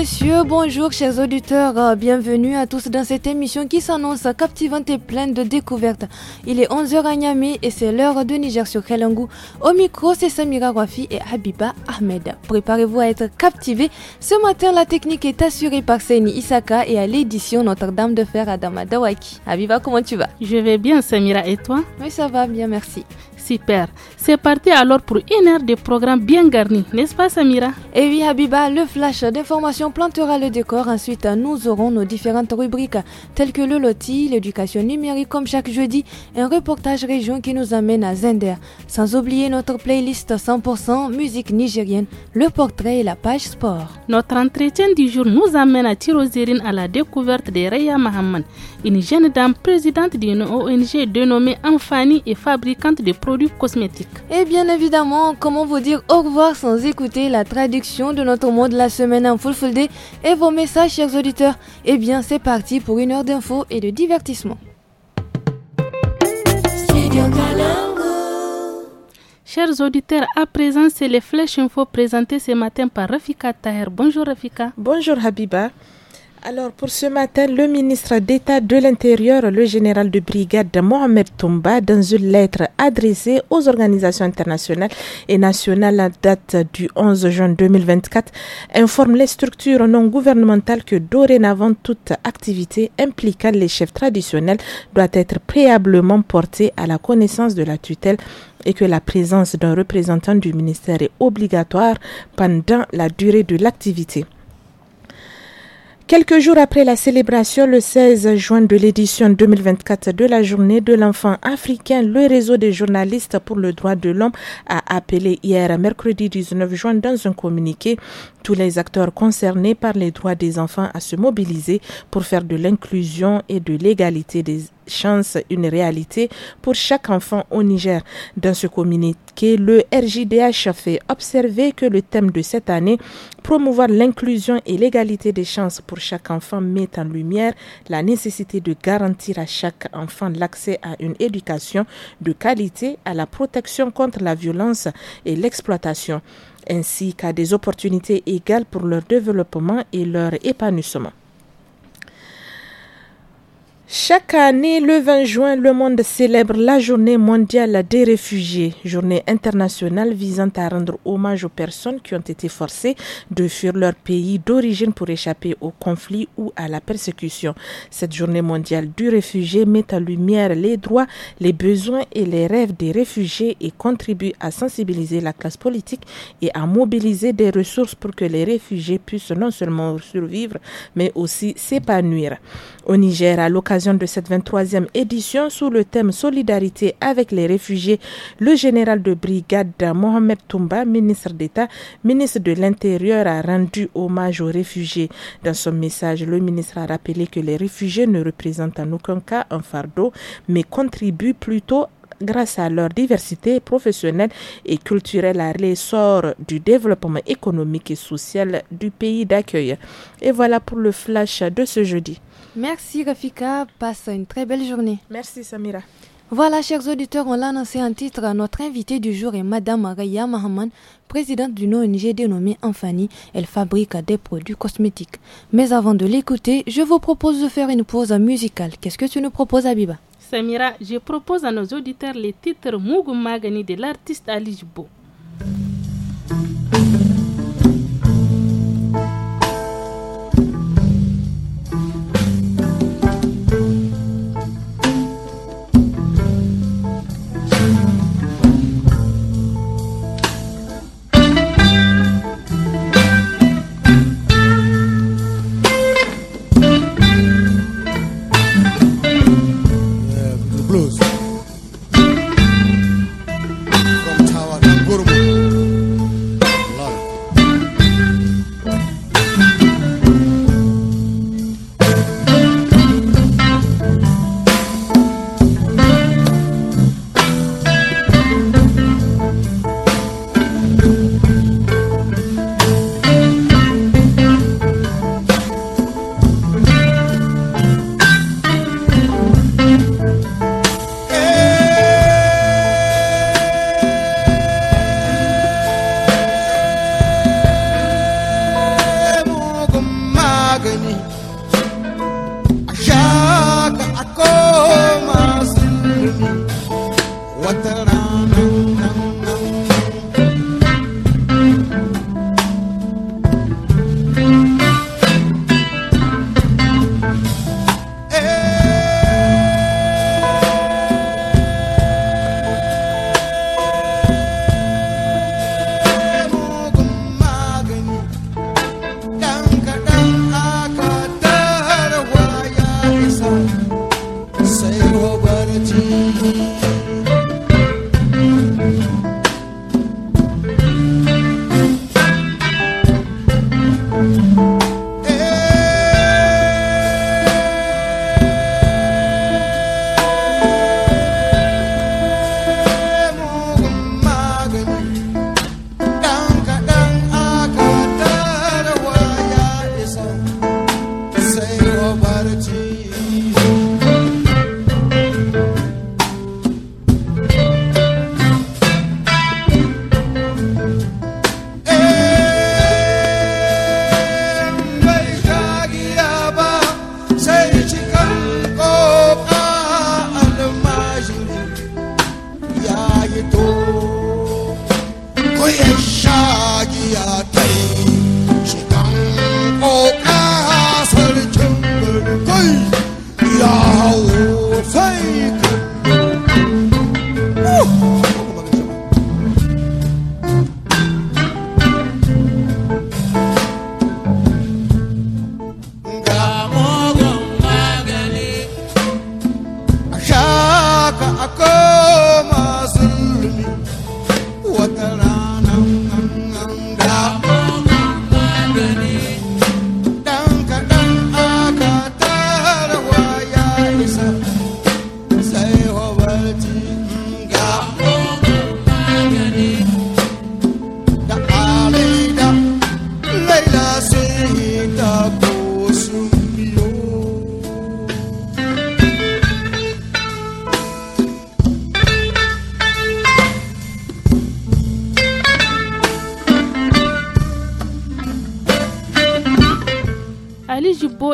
messieurs, bonjour chers auditeurs, euh, bienvenue à tous dans cette émission qui s'annonce captivante et pleine de découvertes. Il est 11h à Niamey et c'est l'heure de Niger sur Kalangu. Au micro, c'est Samira Wafi et Habiba Ahmed. Préparez-vous à être captivés. Ce matin, la technique est assurée par Seni Isaka et à l'édition Notre-Dame de Fer à Damadawaki. Habiba, comment tu vas Je vais bien Samira et toi Oui, ça va bien, merci. Super. C'est parti alors pour une heure de programme bien garni, n'est-ce pas Samira Et eh oui Habiba, le flash d'information plantera le décor. Ensuite, nous aurons nos différentes rubriques telles que le loti, l'éducation numérique comme chaque jeudi, un reportage région qui nous amène à Zender. Sans oublier notre playlist 100% musique nigérienne, le portrait et la page sport. Notre entretien du jour nous amène à Tirozerine à la découverte de Reya Mahaman, une jeune dame présidente d'une ONG dénommée Amfani et fabricante de produits cosmétiques. Et bien évidemment, comment vous dire au revoir sans écouter la traduction de notre mot de la semaine en full full day et vos messages, chers auditeurs et eh bien, c'est parti pour une heure d'infos et de divertissement. Chers auditeurs, à présent, c'est les flèches info présentées ce matin par Rafika Taher. Bonjour Rafika. Bonjour Habiba. Alors pour ce matin, le ministre d'État de l'Intérieur, le général de brigade Mohamed Tomba, dans une lettre adressée aux organisations internationales et nationales à date du 11 juin 2024, informe les structures non gouvernementales que dorénavant toute activité impliquant les chefs traditionnels doit être préalablement portée à la connaissance de la tutelle et que la présence d'un représentant du ministère est obligatoire pendant la durée de l'activité. Quelques jours après la célébration le 16 juin de l'édition 2024 de la journée de l'enfant africain, le réseau des journalistes pour le droit de l'homme a appelé hier mercredi 19 juin dans un communiqué tous les acteurs concernés par les droits des enfants à se mobiliser pour faire de l'inclusion et de l'égalité des chances une réalité pour chaque enfant au Niger. Dans ce communiqué, le RJDH fait observer que le thème de cette année, promouvoir l'inclusion et l'égalité des chances pour chaque enfant, met en lumière la nécessité de garantir à chaque enfant l'accès à une éducation de qualité, à la protection contre la violence et l'exploitation ainsi qu'à des opportunités égales pour leur développement et leur épanouissement. Chaque année, le 20 juin, le monde célèbre la journée mondiale des réfugiés, journée internationale visant à rendre hommage aux personnes qui ont été forcées de fuir leur pays d'origine pour échapper au conflit ou à la persécution. Cette journée mondiale du réfugié met en lumière les droits, les besoins et les rêves des réfugiés et contribue à sensibiliser la classe politique et à mobiliser des ressources pour que les réfugiés puissent non seulement survivre, mais aussi s'épanouir. Au Niger, à l'occasion de cette 23e édition sous le thème Solidarité avec les réfugiés, le général de brigade Mohamed Toumba, ministre d'État, ministre de l'Intérieur, a rendu hommage aux réfugiés. Dans son message, le ministre a rappelé que les réfugiés ne représentent en aucun cas un fardeau, mais contribuent plutôt grâce à leur diversité professionnelle et culturelle, à l'essor du développement économique et social du pays d'accueil. Et voilà pour le flash de ce jeudi. Merci Rafika, passe une très belle journée. Merci Samira. Voilà, chers auditeurs, on l'a annoncé en titre. Notre invitée du jour est Madame Raya Mahaman, présidente d'une ONG dénommée Enfani. Elle fabrique des produits cosmétiques. Mais avant de l'écouter, je vous propose de faire une pause musicale. Qu'est-ce que tu nous proposes, Abiba Samira, je propose à nos auditeurs les titres Mugu Magani de l'artiste Ali Jibo.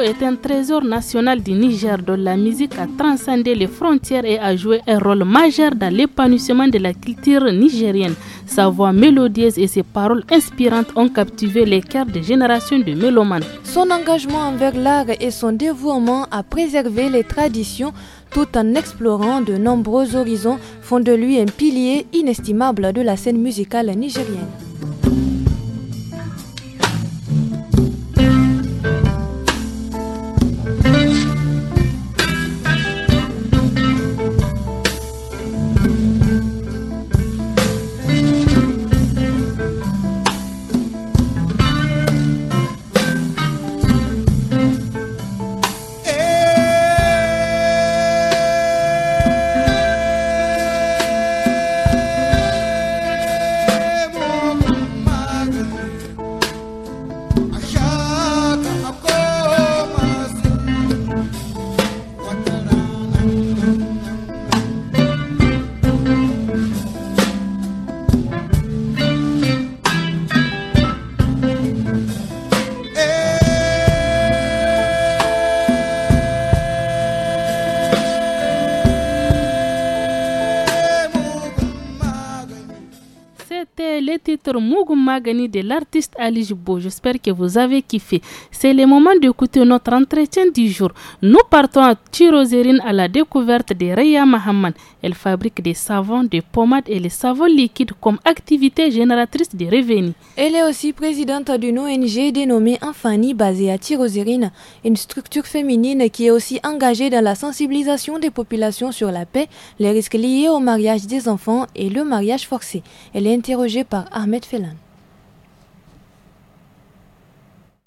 est un trésor national du Niger dont la musique a transcendé les frontières et a joué un rôle majeur dans l'épanouissement de la culture nigérienne. Sa voix mélodieuse et ses paroles inspirantes ont captivé les cœurs des générations de mélomanes. Son engagement envers l'art et son dévouement à préserver les traditions tout en explorant de nombreux horizons font de lui un pilier inestimable de la scène musicale nigérienne. Mougou Magani de l'artiste Ali Jibo. J'espère que vous avez kiffé. C'est le moment d'écouter notre entretien du jour. Nous partons à Tirozérine à la découverte de Raya Mahaman. Elle fabrique des savons, des pommades et les savons liquides comme activité génératrice de revenus. Elle est aussi présidente d'une ONG dénommée Infani basée à Tirozérine, une structure féminine qui est aussi engagée dans la sensibilisation des populations sur la paix, les risques liés au mariage des enfants et le mariage forcé. Elle est interrogée par Ahmed filin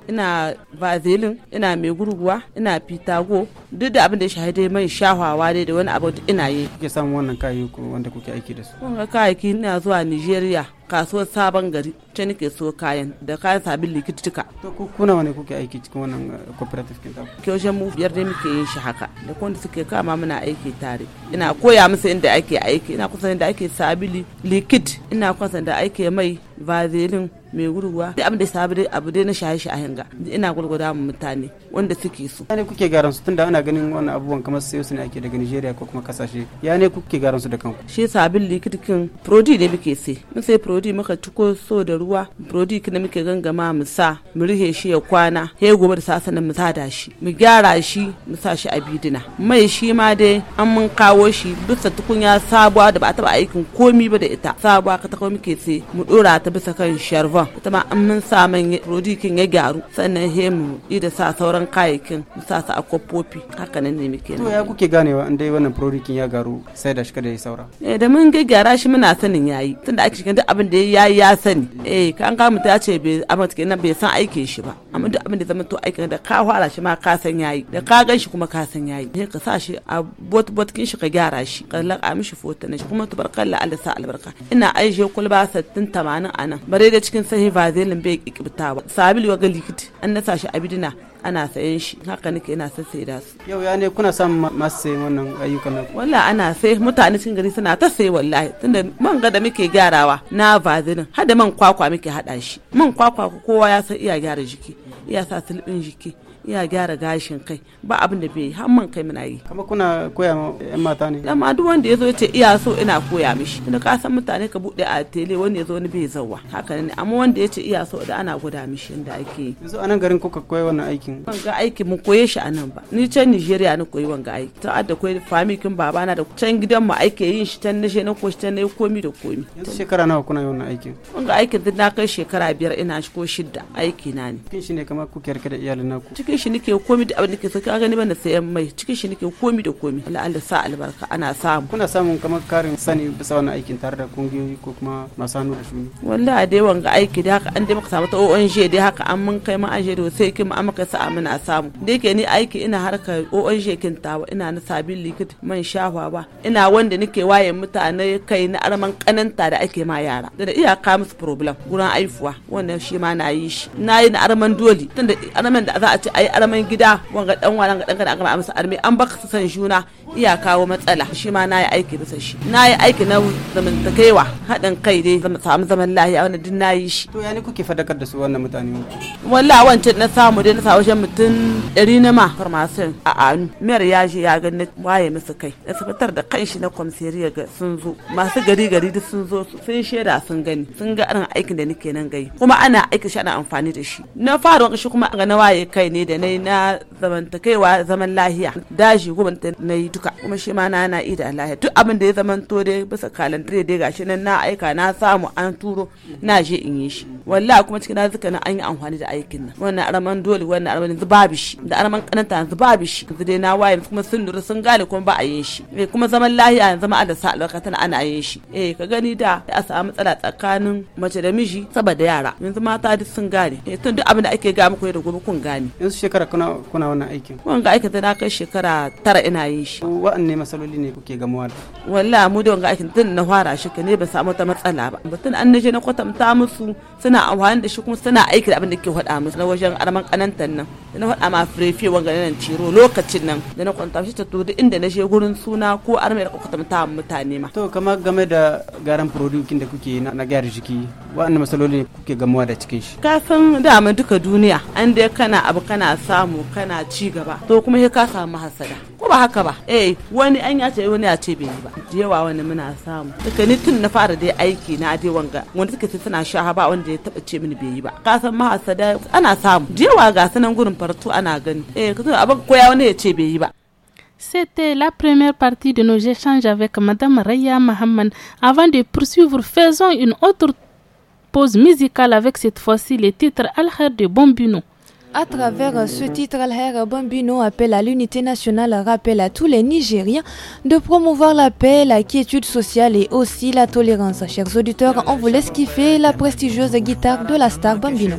ina vazelin ina mai gurguwa ina fitago duk da abin da shahi dai mai shahawa dai da wani abu ina yi kuke samun wannan kayayyaki wanda kuke aiki da su kun ga kayayyaki ina zuwa nigeria kasuwar sabon gari ce nake so kayan da kayan sabin likitika. To ku kuna wani kuke aiki cikin wannan eh, cooperative kin taku? Kyoshe mu biyar muke yin shi haka da kuma suke kama muna aiki tare. Ina koya musu inda ake aiki ina kusa inda ake sabili likit ina kusa da ake mai vaselin mai gurguwa duk abin da sabili abu dai na shaye shahen ga ina gurgurda mu mutane wanda suke so ya ne kuke garan su tunda ana ganin wannan abubuwan kamar sayo su ne ake daga Nigeria ko kuma kasashe ya ne kuke garan su da kanku shi sabili likitkin prodi ne muke sai mun sai prodi burodi muka ciko so da ruwa burodi kina muke gangama mu sa mu rihe shi ya kwana he gobe da sasanin mu sa da shi mu gyara shi mu sa shi a bidina mai shi ma dai an mun kawo shi bisa tukunya sabuwa da ba ta ba aikin komi ba da ita sabuwa ka tako muke sai mu dora ta bisa kan sharvan ita ma an mun sa man burodi kin ya gyaru sannan he mu ida sa sauran kayayyakin mu sa su a kofofi haka nan ne muke to ya kuke ganewa an dai wannan burodi kin ya gyaru sai da shi kada ya saura eh da mun ga gyara shi muna sanin yayi tunda ake cikin duk abin da ya ya sani eh kan ka mutu ya ce bai amurka nan bai san aikin shi ba amma duk abin da zama to aikin da ka fara shi ma ka san yayi da ka gan shi kuma ka san yayi sai ka sa shi a bot bot kin shi ka gyara shi ka laka mishi foto na shi kuma tubarkalla Allah sa albarka ina aishe kulba 60 80 anan bare da cikin sahiba zai bai kikibtawa sabil wa galikit an nasa shi abidina ana sayan shi haka nake ina da su yau ya ne kuna samun masu sayan wannan ayyukan nan wallahi ana sai mutane cikin gari suna ta sai wallahi tunda man ga da muke gyarawa na vazilin har da man kwakwa muke hada shi man kwakwa kowa ya san iya gyara jiki iya sa sulbin jiki ya gyara gashin kai ba abin da bai yi hamman kai muna yi kamar kuna koya ma yan mata ne amma duk wanda ya zo ce iya so ina koya mishi tunda ka san mutane ka bude a tele wanda ya zo ni bai zawa haka ne amma wanda ya ce iya so da ana guda mishi inda ake yi yanzu anan garin kuka koya wannan aikin ban ga aikin mun koye shi anan nan ba ni can Nigeria ni koyi wanga aiki ta adda koyi famikin na da can gidan mu ake yin shi tan nashe na ko shi tan komi da komi yanzu shekara nawa kuna yi wannan aikin wanga aikin na kai shekara biyar ina shi ko shidda aiki na ne kin shi ne kamar ku kyarke da iyalin naku cikin shi nake komi da abin da ke so ka gani bana sayan mai cikin shi nake komi da komi Allah Allah sa albarka ana samu kuna samun kamar karin sani bisa wannan aikin tare da kungiyoyi ko kuma masu hannu da shuni wallahi dai wanga aiki da haka an dai maka samu ta ONG dai haka an mun kai ma an da sai kin an maka sa muna samu dai ke ni aiki ina harka ONG kin tawa ina na sabin likit man shafa ba ina wanda nake waye mutane kai na arman kananta da ake ma yara da iyaka musu problem guran aifuwa wannan shi ma na yi shi na yi na arman doli tunda arman da za a ci Ayi yi gida wanga dan wa ga dan ka aka amsa arme an baka san juna iya kawo matsala shi ma na yi aiki bisa shi na yi aiki na zamantakewa haɗin kai dai samu zaman lahiya wani duk na yi shi. to ni kuke fadakar da su wannan mutane walla wancan na samu dai na samu shan mutum ɗari na ma farmasin a anu mayar ya je ya ga na waye musu kai na sabatar da kanshi na kwamsiriya ga sun zo masu gari gari duk sun zo sun shaida sun gani sun ga irin aikin da nake nan gai kuma ana aiki shi ana amfani da shi na fara wani shi kuma ga na waye kai ne da na na zamantakewa zaman lahiya daji goma na yi matuka kuma shi ma na na ida ya duk abin da ya zaman to dai bisa kalandare dai gashi nan na aika na samu an turo na je in yi shi wallahi kuma cikin azuka na an yi amfani da aikin nan wannan araman dole wannan araman yanzu babu shi da araman kananta yanzu babu shi yanzu dai na waye kuma sun duru sun gane kuma ba a yi shi eh kuma zaman lahiya yanzu ma Allah sa albarka tana ana yin shi eh ka gani da a samu matsala tsakanin mace da miji saboda yara yanzu mata duk sun gane eh tun duk abin da ake ga muku da gobe kun gane yanzu shekara kuna kuna wannan aikin ga aikata na kai shekara tara ina yin shi wa'anne masaloli ne kuke gamuwa da wallahi mu da wanga aikin tun na fara shi ne ba samu ta matsala ba tun an naje na kwatanta musu suna amfani da shi kuma suna aiki da abin da ke faɗa musu na wajen arman kanantan nan da na faɗa ma firefe wanga nan ciro lokacin nan da na kwanta shi ta to inda na je gurin suna ko armai da kwatanta mutane ma to kamar game da garan product da kuke na gyara jiki wa'anne masaloli ne kuke gamuwa da cikin shi kafin dama duka duniya an dai kana abu kana samu kana ci gaba to kuma sai ka samu hasada ko ba haka ba eh eh wani an ya ce wani ya ce bai yi ba da yawa wani muna samu daga ni tun na fara dai aiki na dai wanga wanda suka ce suna sha ba wanda ya taba ce mini bai yi ba ka san da ana samu da yawa ga sanan gurin farto ana gani eh kazo abin koya wani ya ce bai yi ba C'était la première partie de nos échanges avec Madame Raya Mahamman. Avant de poursuivre, faisons une autre pause musicale avec cette fois-ci les titres Al-Khair de Bombino. À travers ce titre, Alher Bambino appelle à l'unité nationale, rappelle à tous les Nigériens de promouvoir la paix, la quiétude sociale et aussi la tolérance. Chers auditeurs, on vous laisse kiffer la prestigieuse guitare de la star Bambino.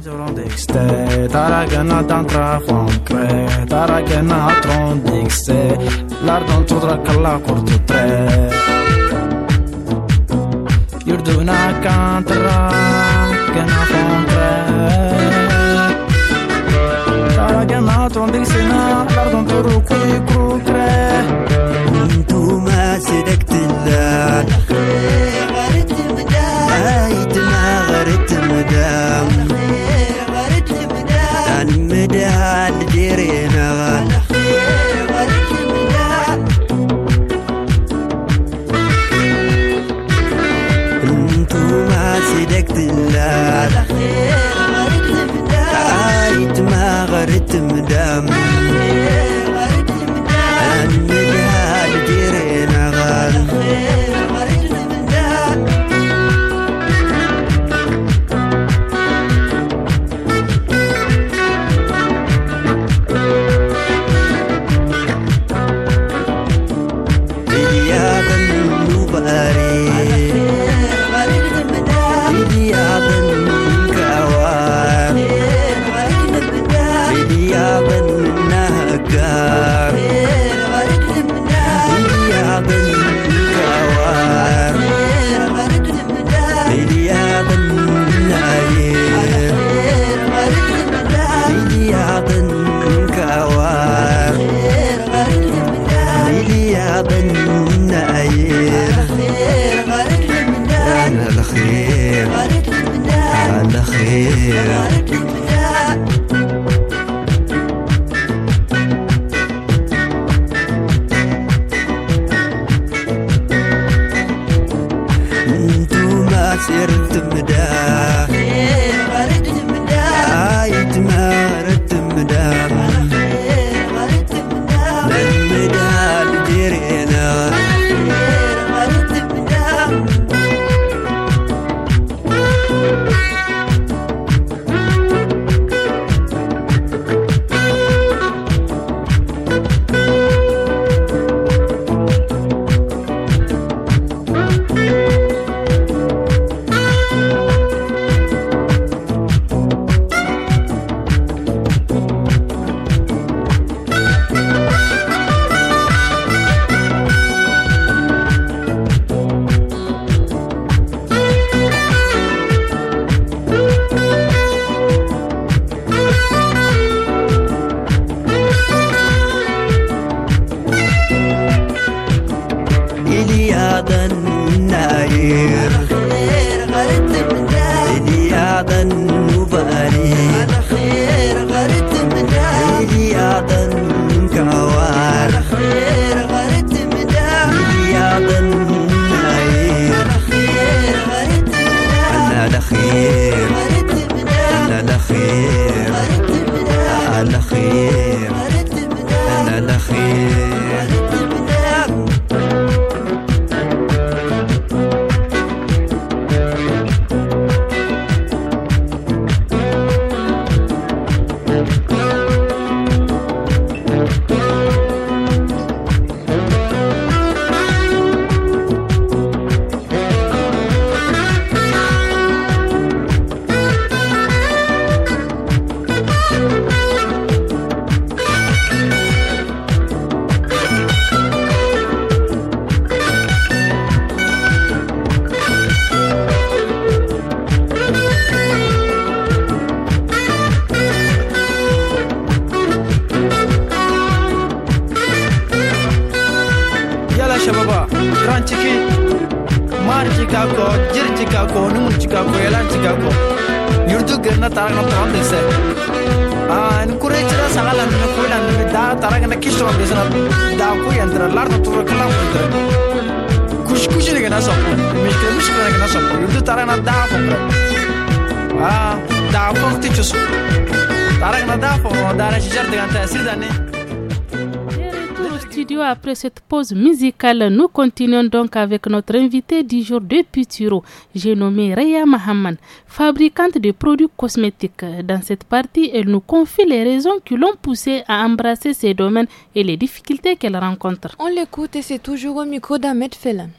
سدكت الله هاي دما غرت مدام المدى الديري مغال سيدك دلال على خير غرت مدام عايد ما غرت مدام na tarakna tondise an kurejira sagalan na kuilan na na da tarakna kishro bisna da ku na larno turu kalam kutre kush kush ne gana sop mishkre mishkre ne gana sop yurdu tarakna da fokre ah da fokti chusu tarakna da fokre da ra shijar diganta sirdani studio après cette pause musicale. Nous continuons donc avec notre invité du jour depuis Turo. J'ai nommé Raya Mahaman, fabricante de produits cosmétiques. Dans cette partie, elle nous confie les raisons qui l'ont poussée à embrasser ces domaines et les difficultés qu'elle rencontre. On l'écoute et c'est toujours au micro d'Ahmed Felan.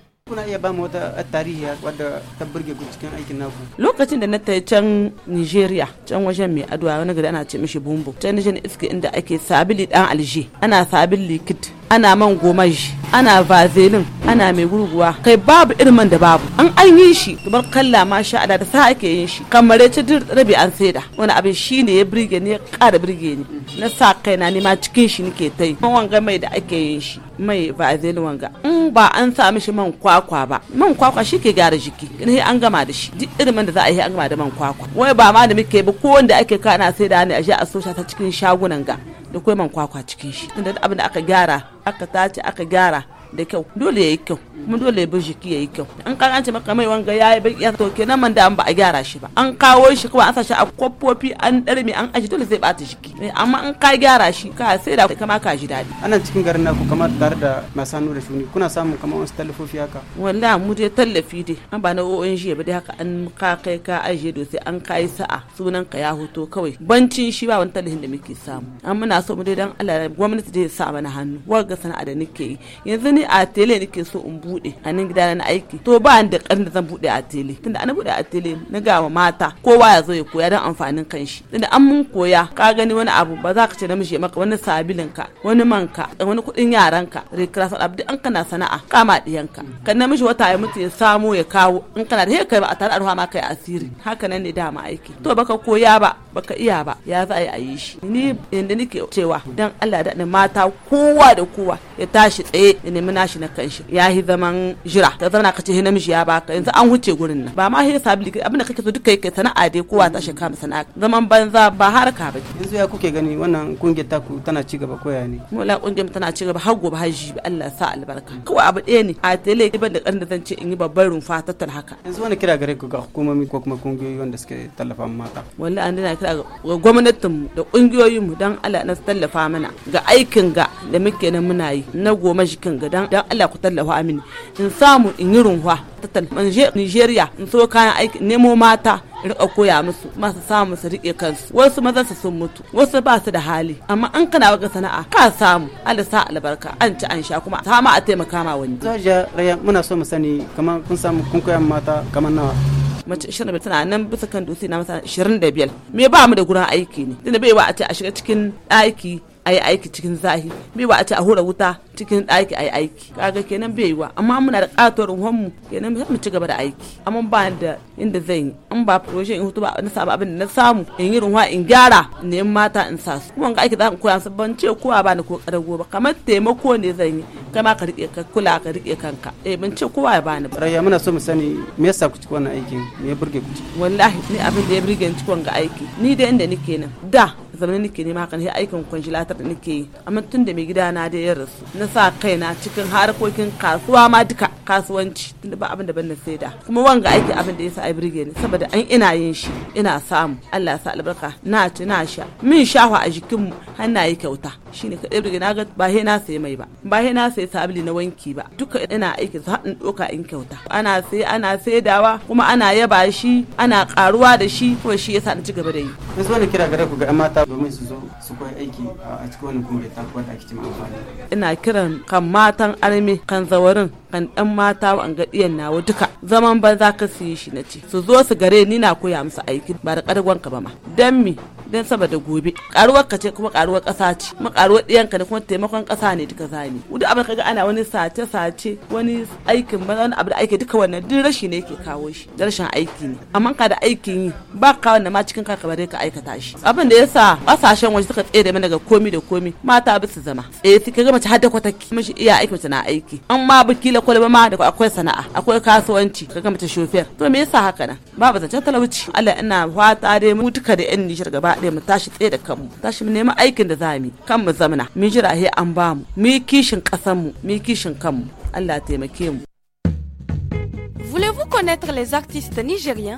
lokacin da na ta can Nigeria can wajen mai aduwa wani gari ana ce mishi bumbu can na iska inda ake sabili dan alje ana sabili kit ana man gomaji ana vazelin ana mai gurguwa kai babu irin man da babu an an yi shi kamar kalla ma sha da sa ake yin shi kamar ta duk rabi an saida wani abin shi ne ya birge ni ya kara birge ni na sa na ne ma cikin shi nake ta yi wanga mai da ake yin shi mai vazelin wanga in ba an sa mishi man kwakwa ba man kwakwa shi ke gyara jiki ne an gama da shi duk irin man da za a yi an gama da man kwakwa wai ba ma da muke ba ko wanda ake kana saida ne a je a sosha ta cikin shagunan ga da kwaiman kwakwa cikin shi tunda abin da aka gyara aka tace aka gyara da kyau dole yayi kyau kuma dole ya shi jiki yayi kyau an kan an ce maka mai wanga yayi ya to kenan man da an ba a gyara shi ba an kawo shi kuma an sashi a kofofi an darme an aji dole zai bata jiki eh, amma an ka gyara shi ka sai da kama ka ji daɗi ana cikin garin naku kamar tare da masano da shuni kuna samun kamar wasu tallafofi haka wallahi mu dai tallafi dai an ba na ONG ba dai haka an ka kai ka aje do sai an kai sa'a sunan ka ya hoto kawai bancin shi ba wani tallafin da muke samu an muna so mu dai dan Allah gwamnati dai sa mana hannu warga sana'a da nake yi yanzu ne ni a tele nake so in bude a nan gida na aiki to ba da karin da zan bude a tele tunda ana bude a tele na ga mata kowa ya zo ya koya don amfanin kanshi tunda an mun koya ka gani wani abu ba za ka ce namiji maka wani sabilin ka wani manka wani kudin yaran ka recreation abdi an kana sana'a kama diyanka kan namiji wata ya mutu ya samo ya kawo in kana da kai ba a tare arha ma kai asiri haka nan ne dama aiki to baka koya ba baka iya ba ya za a yi shi ni yanda nake cewa dan Allah da mata kowa da kowa ya tashi tsaye ya nemi zama nashi na kanshi ya yi zaman jira ka zauna ka ce namiji ya baka yanzu an huce gurin nan ba ma he sabili abin da kake so duka kai sana'a dai kowa ta shi kama sana'a zaman banza ba harka ba yanzu ya kuke gani wannan kungiyar ku tana ci gaba koya ne la kungiyar tana ci gaba har gobe har jibi Allah ya sa albarka kawai abu ɗaya ne a tele ban da ƙarin da zan ce in yi babban rumfa tattal haka yanzu wani kira gare ku ga hukumomi ko kuma kungiyoyi wanda suke tallafa mata wallahi an dana kira ga mu da mu dan Allah na tallafa mana ga aikin ga da muke nan muna yi na goma jikin ga dan dan Allah ku tallafa amin in samu in yi runwa tattal man je Nigeria in so kayan aiki nemo mata rika koya musu masu samu su rike kansu wasu mazan su sun mutu wasu ba su da hali amma an kana baka sana'a ka samu Allah sa albarka an ci an sha kuma ma a taimaka ma wani zaje raya muna so mu sani kamar kun samu kun koya mata kamar nawa mace 25 tana nan bisa kan dutse na masa 25 me ba mu da gurin aiki ne tunda bai wa a ce a shiga cikin daki a yi aiki cikin zahi bai wa a ce a hura wuta cikin ɗaki a yi aiki kaga kenan bai wa amma muna da ƙatuwar mu kenan mu ci gaba da aiki amma ba da inda zan yi an ba proje in hutu ba na samu abin da na samu in yi ruwa in gyara in nemi mata in sa su kuma ga aiki za ka koya ban ce kowa ba ni ko ƙarago ba kamar taimako ne zan yi kai ma ka riƙe ka kula ka riƙe kanka eh ban ce kowa ya bani ba rayya muna so mu sani me yasa ku ci wannan aikin me ya burge ku ci wallahi ni abin da ya burge ni ci ga aiki ni da inda nake nan da zamanin nake ma kan sai aikin kwanjilatar da nake yi amma tun da mai gida na da ya rasu na sa kaina cikin harkokin kasuwa ma duka kasuwanci tunda ba abin da ban na saida kuma wanga aiki abin da yasa ai burge ni saboda an ina yin shi ina samu Allah ya sa albarka na ci na sha min shafa a jikin mu hannaye kyauta shine kadai burge na ga ba he na sayi mai ba ba he na sayi sabili na wanki ba duka ina aiki za in doka in kyauta ana sai ana saidawa kuma ana yaba shi ana karuwa da shi kuma shi yasa na ci gaba da yi zo ne kira gare ku ga mata domin su zo su koyi aiki a cikin wani kuma da ta kwata ake cin amfani ina kiran kan matan armi kan zawarin kan dan mata an ga diyan nawa duka zaman banza ka siye shi na ci. su zo su gare ni na koya musu aiki ba da karwan ka ba ma dan mi dan saboda gobe karuwar ka ce kuma karuwar kasa ce kuma karuwar diyan ka ne kuma taimakon kasa ne duka zani duk abin ka ana wani sace sace wani aikin ba wani abu da aiki duka wannan duk rashi ne yake kawo shi da rashin aiki ne amma ka da aikin yi ba ka wanda ma cikin ka bare ka aikata shi abin da yasa kasashen waje suka tsere mana daga komi da komi mata ba zama eh suka ga mace har da kwataki iya aiki na aiki amma bikila ta kwalba ma da akwai sana'a akwai kasuwanci ga mace shofiyar to me yasa haka nan babu zancen talauci Allah ina fata dai mu duka da yan Nijar gaba ɗaya mu tashi tsaye da kanmu tashi mu nemi aikin da zamu kan mu zamana mu jira he an bamu mu yi kishin ƙasarmu mu yi kishin kanmu Allah taimake mu Voulez-vous connaître les artistes nigériens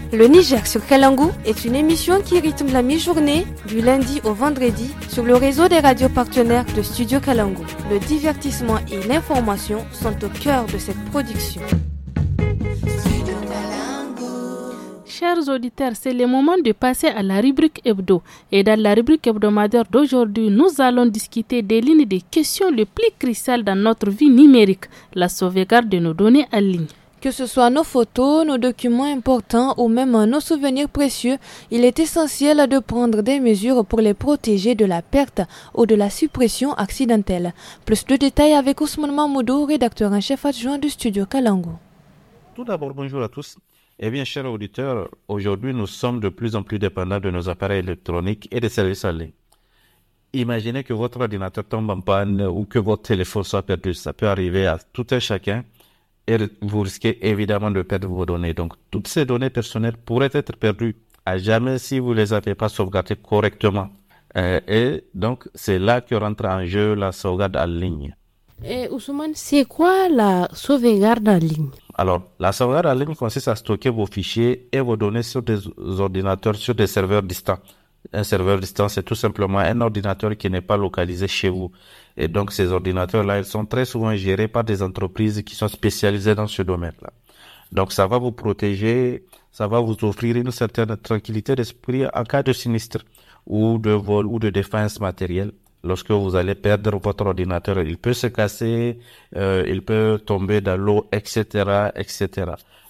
Le Niger sur Kalangu est une émission qui rythme la mi-journée du lundi au vendredi sur le réseau des radios partenaires de Studio Kalangu. Le divertissement et l'information sont au cœur de cette production. Chers auditeurs, c'est le moment de passer à la rubrique hebdo. Et dans la rubrique hebdomadaire d'aujourd'hui, nous allons discuter des lignes des questions les plus cruciales dans notre vie numérique, la sauvegarde de nos données en ligne. Que ce soit nos photos, nos documents importants ou même nos souvenirs précieux, il est essentiel de prendre des mesures pour les protéger de la perte ou de la suppression accidentelle. Plus de détails avec Ousmane Mamoudou, rédacteur en chef adjoint du studio Kalango. Tout d'abord, bonjour à tous. Eh bien, chers auditeurs, aujourd'hui, nous sommes de plus en plus dépendants de nos appareils électroniques et des services en ligne. Imaginez que votre ordinateur tombe en panne ou que votre téléphone soit perdu. Ça peut arriver à tout un chacun vous risquez évidemment de perdre vos données. Donc, toutes ces données personnelles pourraient être perdues à jamais si vous les avez pas sauvegardées correctement. Euh, et donc, c'est là que rentre en jeu la sauvegarde en ligne. Et Ousmane, c'est quoi la sauvegarde en ligne Alors, la sauvegarde en ligne consiste à stocker vos fichiers et vos données sur des ordinateurs, sur des serveurs distants. Un serveur distant, c'est tout simplement un ordinateur qui n'est pas localisé chez vous. Et donc ces ordinateurs-là, ils sont très souvent gérés par des entreprises qui sont spécialisées dans ce domaine-là. Donc ça va vous protéger, ça va vous offrir une certaine tranquillité d'esprit en cas de sinistre ou de vol ou de défense matérielle. Lorsque vous allez perdre votre ordinateur, il peut se casser, euh, il peut tomber dans l'eau, etc., etc.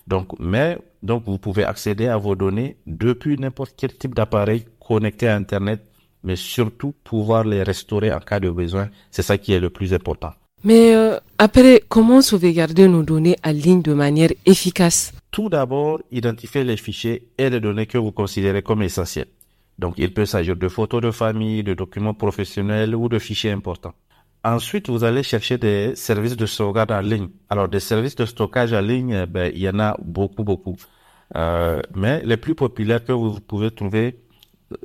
Donc, mais donc vous pouvez accéder à vos données depuis n'importe quel type d'appareil connecté à Internet mais surtout pouvoir les restaurer en cas de besoin. C'est ça qui est le plus important. Mais euh, après, comment sauvegarder nos données en ligne de manière efficace Tout d'abord, identifier les fichiers et les données que vous considérez comme essentielles. Donc, il peut s'agir de photos de famille, de documents professionnels ou de fichiers importants. Ensuite, vous allez chercher des services de sauvegarde en ligne. Alors, des services de stockage en ligne, eh ben, il y en a beaucoup, beaucoup. Euh, mais les plus populaires que vous pouvez trouver,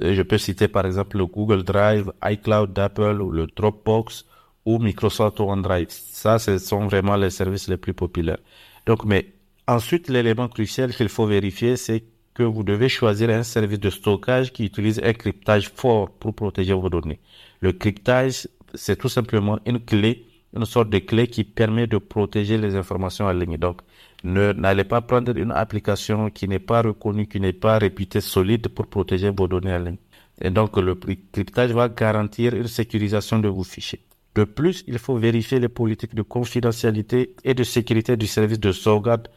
euh, je peux citer par exemple le Google Drive, iCloud d'Apple ou le Dropbox ou Microsoft OneDrive. Ça, ce sont vraiment les services les plus populaires. Donc, mais ensuite, l'élément crucial qu'il faut vérifier, c'est que vous devez choisir un service de stockage qui utilise un cryptage fort pour protéger vos données. Le cryptage, c'est tout simplement une clé, une sorte de clé qui permet de protéger les informations en ligne. Donc, n'allez pas prendre une application qui n'est pas reconnue, qui n'est pas réputée solide pour protéger vos données en ligne. Et donc, le cryptage va garantir une sécurisation de vos fichiers. De plus, il faut vérifier les politiques de confidentialité et de sécurité du service de sauvegarde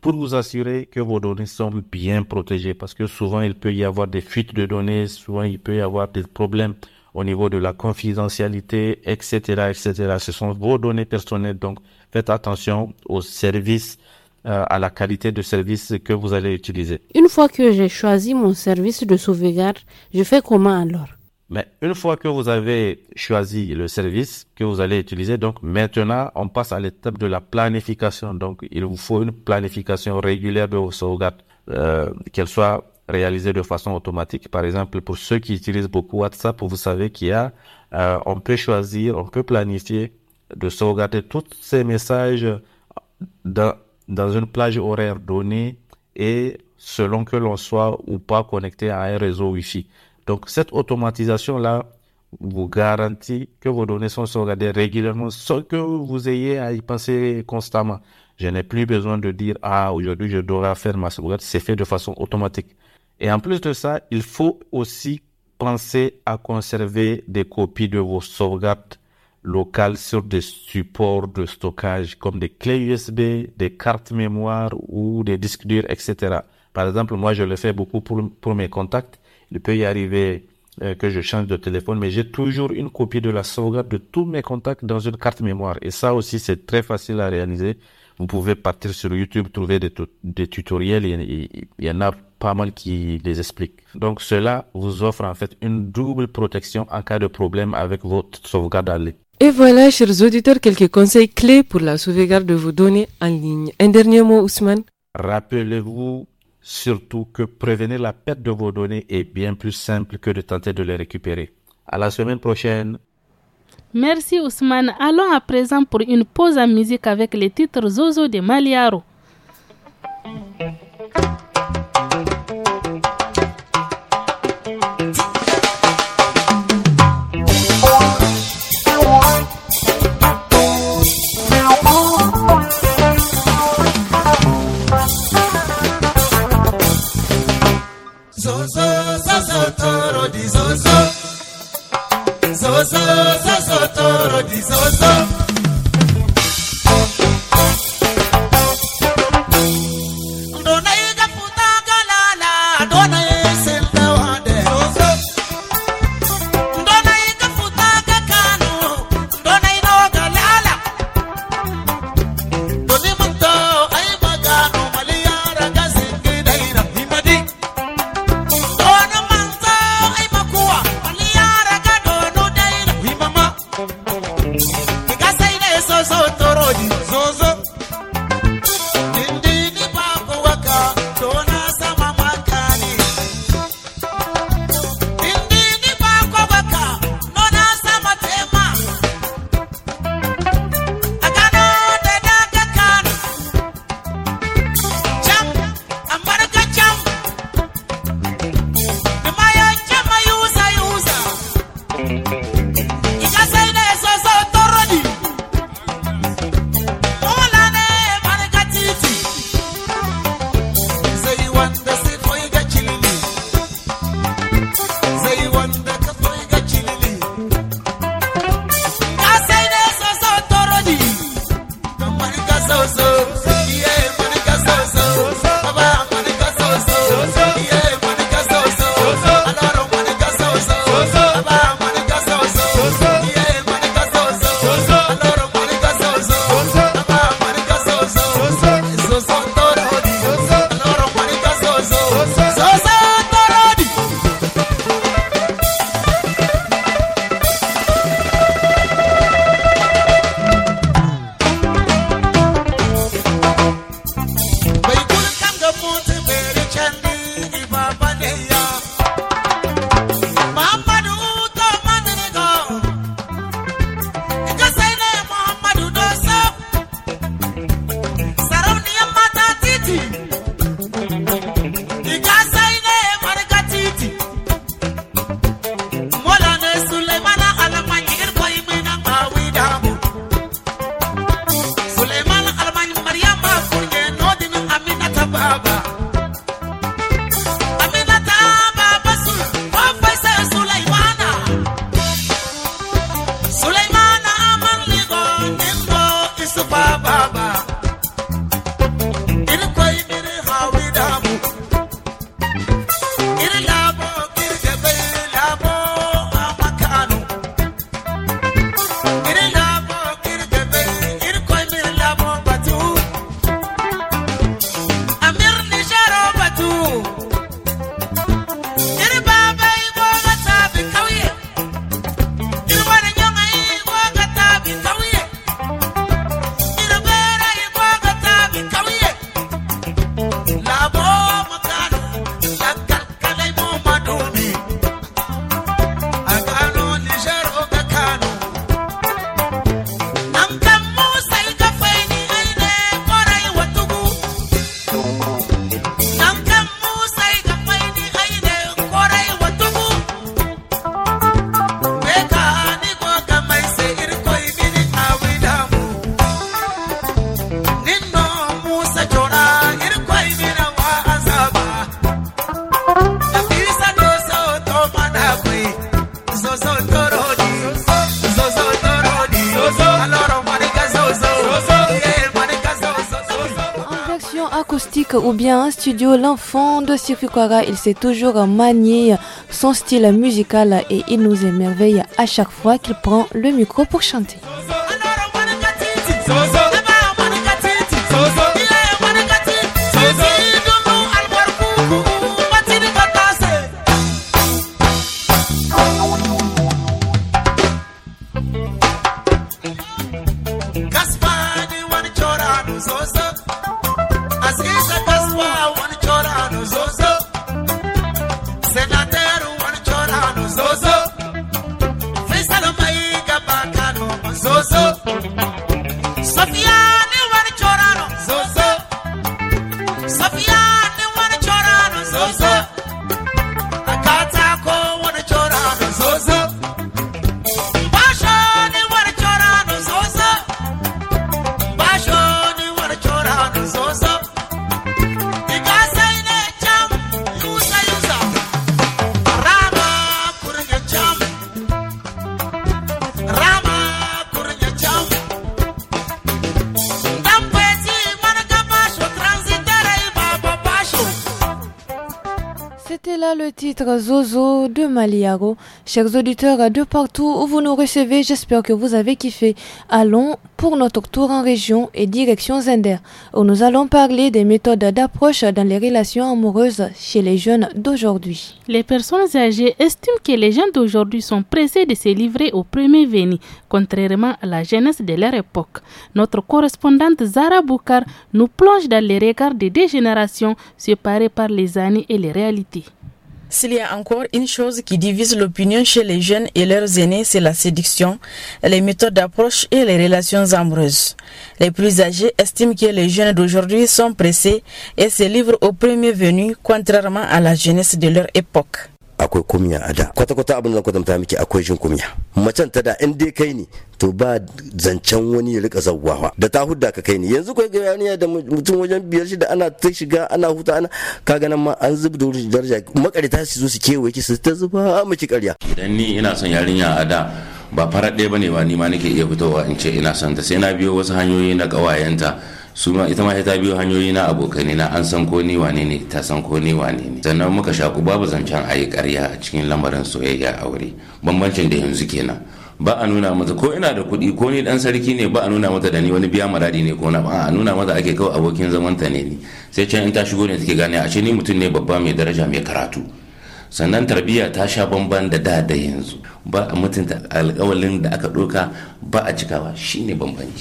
pour vous assurer que vos données sont bien protégées parce que souvent il peut y avoir des fuites de données, souvent il peut y avoir des problèmes au niveau de la confidentialité, etc., etc. Ce sont vos données personnelles, donc faites attention aux services euh, à la qualité de service que vous allez utiliser. Une fois que j'ai choisi mon service de sauvegarde, je fais comment alors Mais une fois que vous avez choisi le service que vous allez utiliser, donc maintenant on passe à l'étape de la planification. Donc il vous faut une planification régulière de vos sauvegardes, euh, qu'elle soit réalisée de façon automatique. Par exemple, pour ceux qui utilisent beaucoup WhatsApp, vous savez qu'il y a, euh, on peut choisir, on peut planifier de sauvegarder tous ces messages dans dans une plage horaire donnée et selon que l'on soit ou pas connecté à un réseau Wi-Fi. Donc cette automatisation-là vous garantit que vos données sont sauvegardées régulièrement sans que vous ayez à y penser constamment. Je n'ai plus besoin de dire ah aujourd'hui je devrais faire ma sauvegarde, c'est fait de façon automatique. Et en plus de ça, il faut aussi penser à conserver des copies de vos sauvegardes local sur des supports de stockage comme des clés USB, des cartes mémoire ou des disques durs, etc. Par exemple, moi, je le fais beaucoup pour, pour mes contacts. Il peut y arriver euh, que je change de téléphone, mais j'ai toujours une copie de la sauvegarde de tous mes contacts dans une carte mémoire. Et ça aussi, c'est très facile à réaliser. Vous pouvez partir sur YouTube, trouver des, des tutoriels. Il, y en a pas mal qui les expliquent. Donc cela vous offre en fait une double protection en cas de problème avec votre sauvegarde à et voilà, chers auditeurs, quelques conseils clés pour la sauvegarde de vos données en ligne. Un dernier mot, Ousmane. Rappelez-vous surtout que prévenir la perte de vos données est bien plus simple que de tenter de les récupérer. À la semaine prochaine. Merci Ousmane. Allons à présent pour une pause en musique avec les titres Zozo de Maliaro. soso toro disoso ou bien un studio, l'enfant de Sirikwara, il sait toujours manier son style musical et il nous émerveille à chaque fois qu'il prend le micro pour chanter. Zozo de maliago Chers auditeurs de partout où vous nous recevez, j'espère que vous avez kiffé. Allons pour notre tour en région et direction Zender, où nous allons parler des méthodes d'approche dans les relations amoureuses chez les jeunes d'aujourd'hui. Les personnes âgées estiment que les jeunes d'aujourd'hui sont pressés de se livrer au premier venu, contrairement à la jeunesse de leur époque. Notre correspondante Zara Boukar nous plonge dans les regards des deux générations séparées par les années et les réalités. S'il y a encore une chose qui divise l'opinion chez les jeunes et leurs aînés, c'est la séduction, les méthodes d'approche et les relations amoureuses. Les plus âgés estiment que les jeunes d'aujourd'hui sont pressés et se livrent au premier venu, contrairement à la jeunesse de leur époque. akwai kumya a da kwata-kwata abin da zan kwatanta miki akwai jin kumya macen ta da in dai kai ni to ba zancen wani ya rika zawawa da ta hudda ka kai ni yanzu kai ga da mutum wajen biyar shi da ana ta shiga ana huta ana ka ganin ma an zub da daraja makarita su zo su kewaye ki su ta zuba miki karya idan ni ina son yarinya a da ba farar ɗaya bane ba ni ma nake iya fitowa in ce ina son ta sai na biyo wasu hanyoyi na ƙawayenta su ma ita ma ta biyo hanyoyi na abokani na an san ko ni wane ne ta san ko ni wane ne sannan muka shaku babu zancen yi karya a cikin lamarin soyayya aure bambancin da yanzu kenan ba a nuna mata ko ina da kuɗi ko ni dan sarki ne ba a nuna mata da ni wani biya maradi ne ko na ba a nuna mata ake kawai abokin zamanta ne ni sai can in ta shigo ne take gane a ce ni mutum ne babba mai daraja mai karatu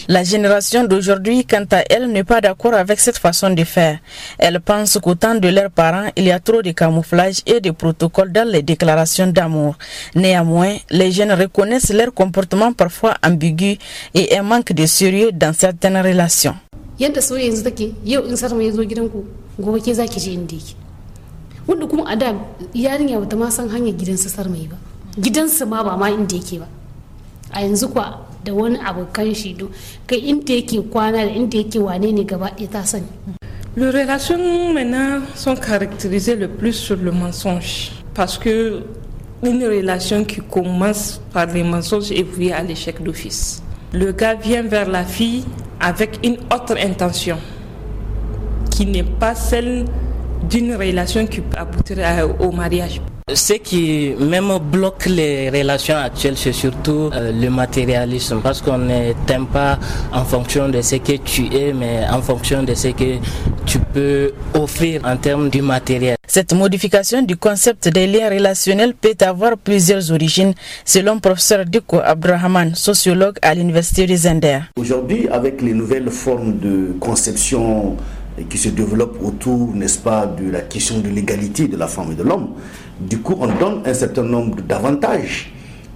La génération d'aujourd'hui quant à elle n'est pas d'accord avec cette façon de faire. Elle pense qu'au temps de leurs parents, il y a trop de camouflage et de protocoles dans les déclarations d'amour. Néanmoins, les jeunes reconnaissent leur comportement parfois ambigu et un manque de sérieux dans certaines relations. yanda yanzu take in gidanku wanda kuma Les relations maintenant sont caractérisées le plus sur le mensonge parce que une relation qui commence par les mensonges est vouée à l'échec d'office. Le gars vient vers la fille avec une autre intention qui n'est pas celle d'une relation qui aboutirait au mariage. Ce qui même bloque les relations actuelles, c'est surtout euh, le matérialisme, parce qu'on ne t'aime pas en fonction de ce que tu es, mais en fonction de ce que tu peux offrir en termes du matériel. Cette modification du concept des liens relationnels peut avoir plusieurs origines, selon professeur Diko Abrahaman, sociologue à l'université Zender. Aujourd'hui, avec les nouvelles formes de conception qui se développe autour, n'est-ce pas, de la question de l'égalité de la femme et de l'homme, du coup, on donne un certain nombre d'avantages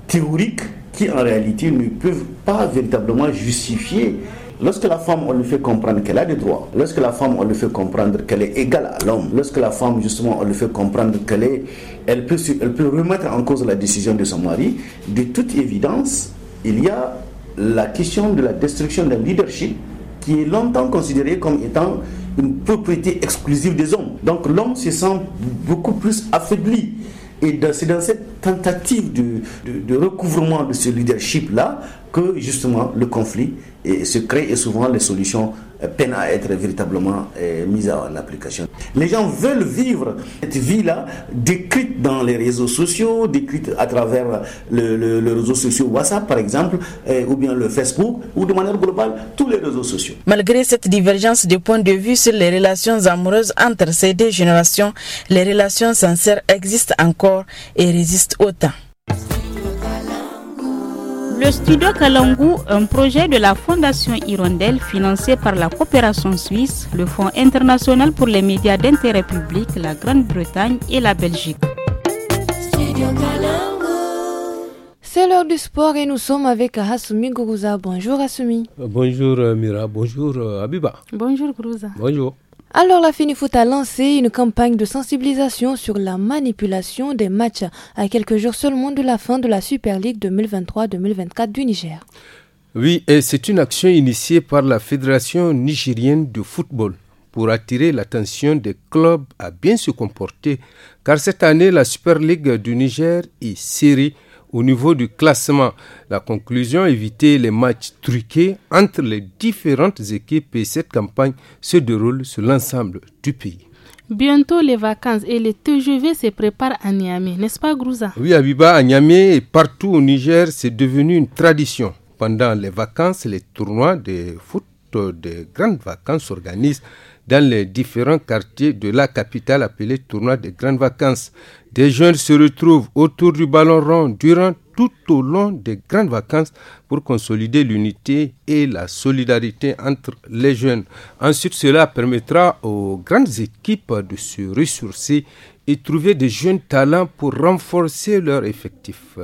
théoriques qui, en réalité, ne peuvent pas véritablement justifier Lorsque la femme, on lui fait comprendre qu'elle a des droits, lorsque la femme, on lui fait comprendre qu'elle est égale à l'homme, lorsque la femme, justement, on lui fait comprendre qu'elle est, elle peut, elle peut remettre en cause la décision de son mari, de toute évidence, il y a la question de la destruction d'un leadership qui est longtemps considéré comme étant une propriété exclusive des hommes. Donc l'homme se sent beaucoup plus affaibli. Et c'est dans cette tentative de, recouvrement de ce leadership-là que justement le conflit se crée et souvent les solutions euh, peine à être véritablement euh, mise à l'application. Les gens veulent vivre cette vie-là décrite dans les réseaux sociaux, décrite à travers le, le, réseau social WhatsApp par exemple, euh, ou bien le Facebook, ou de manière globale tous les réseaux sociaux. Malgré cette divergence de point de vue sur les relations amoureuses entre ces deux générations, les relations sincères existent encore et résistent autant. Le studio Kalangu, un projet de la Fondation Hirondelle financé par la coopération suisse, le Fonds international pour les médias d'intérêt public, la Grande-Bretagne et la Belgique. C'est l'heure du sport et nous sommes avec Hassoumi Gourouza. Bonjour Hassoumi. Bonjour euh, Mira, bonjour euh, Abiba. Bonjour Gourouza. Bonjour. Alors la Finifoot a lancé une campagne de sensibilisation sur la manipulation des matchs à quelques jours seulement de la fin de la Super Ligue 2023-2024 du Niger. Oui, et c'est une action initiée par la Fédération nigérienne de football pour attirer l'attention des clubs à bien se comporter, car cette année la Super League du Niger est série au niveau du classement. La conclusion, éviter les matchs truqués entre les différentes équipes et cette campagne se déroule sur l'ensemble du pays. Bientôt les vacances et les TGV se préparent à Niamey, n'est-ce pas Grouza Oui, Abiba, à Niamey et partout au Niger, c'est devenu une tradition. Pendant les vacances, les tournois de foot euh, de grandes vacances s'organisent dans les différents quartiers de la capitale appelé tournoi des grandes vacances. Des jeunes se retrouvent autour du ballon rond durant tout au long des grandes vacances pour consolider l'unité et la solidarité entre les jeunes. Ensuite, cela permettra aux grandes équipes de se ressourcer et trouver des jeunes talents pour renforcer leur effectif.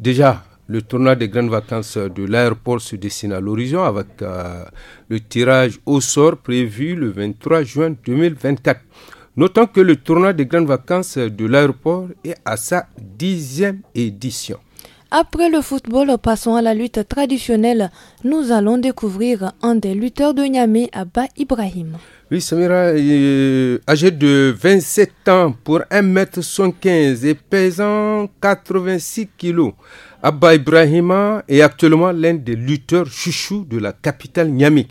Déjà, le tournoi des grandes vacances de l'aéroport se dessine à l'horizon avec euh, le tirage au sort prévu le 23 juin 2024. Notons que le tournoi des grandes vacances de l'aéroport est à sa dixième édition. Après le football, passons à la lutte traditionnelle. Nous allons découvrir un des lutteurs de Niamey, Abba Ibrahim. Oui, Samira, euh, âgé de 27 ans pour 1m75 et pesant 86 kg. Abba Ibrahima est actuellement l'un des lutteurs chouchous de la capitale Niamey.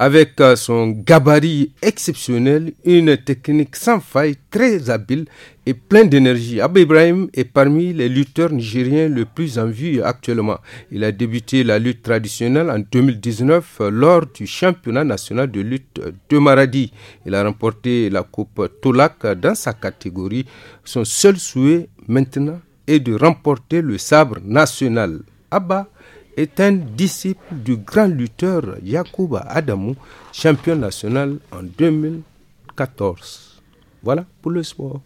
Avec euh, son gabarit exceptionnel, une technique sans faille, très habile et plein d'énergie, Abba Ibrahim est parmi les lutteurs nigériens le plus en vue actuellement. Il a débuté la lutte traditionnelle en 2019 euh, lors du championnat national de lutte de Maradi. Il a remporté la coupe Tolak dans sa catégorie. Son seul souhait maintenant et de remporter le sabre national. Abba est un disciple du grand lutteur Yacouba Adamou, champion national en 2014. Voilà pour le sport.